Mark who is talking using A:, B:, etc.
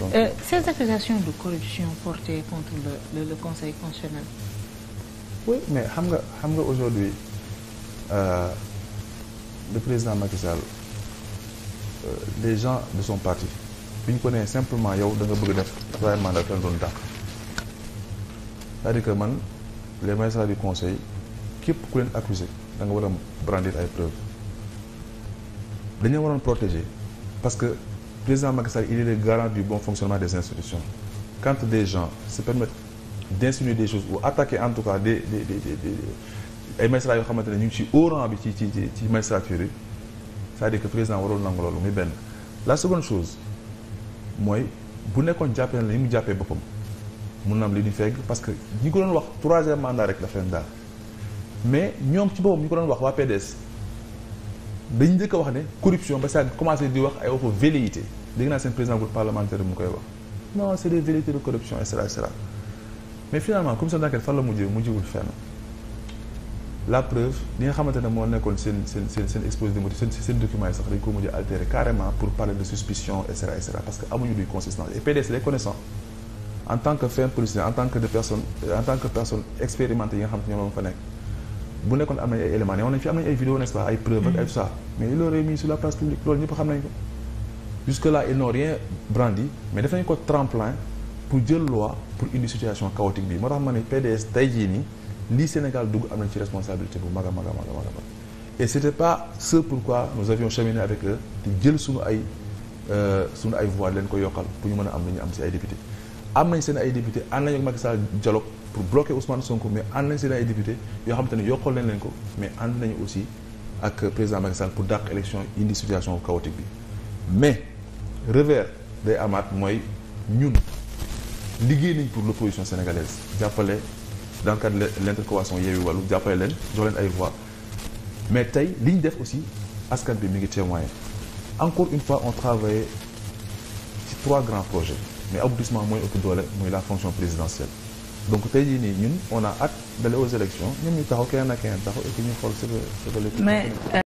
A: Donc, euh, ces accusations de corruption portées contre le, le, le Conseil constitutionnel. mais xam nga xam nga aujourd'hui euh, le président Macky Sall euh, les gens de son parti bi ñu ko nee simplement yow da nga bëgg def troisième mandat dafa doon dàq c'est-à-dire man les magistrats du conseil képp ku leen accusé da nga war a ay preuves dañoo waroon protéger parce que. président Macky Sall il est le garant du bon fonctionnement des institutions quand des gens se permettent d'insinuer des choses ou attaquer en tout cas des des des des ay magistrats yoo xamante ne ñu ngi ci oran bi ci ci ci magistrature yi c'est-à-dire que président warul nangu loolu muy benn la seconde chose mooy bu nekkoon jàppee na li mu jàppee boppam mun na am li ñu fegg parce que ñi ko doon wax troisième mandat rek daf leen mais ñoom ci boppam ñi ko doon wax waa PDS njëkk wax ne corruption ba saa commencé di wax ay waxu velléité dégg naa seen président groupe parlementaire mu koy wax non c' est des de corruption et cetera et cetera mais finalement commission d' enquête la mujjee mujjiwul fenn la preuve li nga xamante ne moo nekkoon seen seen exposé des motifs seen seen yi sax dañ ko mujjee altéré carrément pour parler de suspicion et cetera et cetera parce que amuñu luy consistance et PDS les connaissant en tant que fin policier en tant que de personne euh, jusque là ils n'ont rien brandi mais def nañ ko tremplin pour jël loi pour indi situation chaotique bi moo tax ma ne PDS tey jii nii lii Sénégal dugg am nañ ci responsabilité bu mag a mag a mag a mag et c' était pas ce pourquoi nous avions cheminé avec eux di jël suñu ay euh, suñu ay voix leen ko yokkal pour ñu mën a am lu ñu am si ay député am nañ seen ay député ànd nañ ak Macky Sall dialogue pour bloquer Ousmane Sonko mais ànd nañ seen ay député yoo xam te ne yokkal leen leen ko mais ànd nañu aussi ak président Macky Sall pour dàq élection indi situation chaotique bi mais revers day amaat mooy ñun liggéey nañ pour l'opposition sénégalaise jàppale dans le cadre de l'intercoalition Yewwi Wallu jàppale leen jox leen ay voix mais tey li ñu def aussi askan bi mi ngi témoin encore une fois on travaillait ci trois grands projets mais aboutissement mooy ëpp doole mooy la fonction présidentielle donc tey jii nii ñun on a hâte d'aller aux élections ñoom ñu taxaw keneen ak keneen taxaw et ñu xool ce que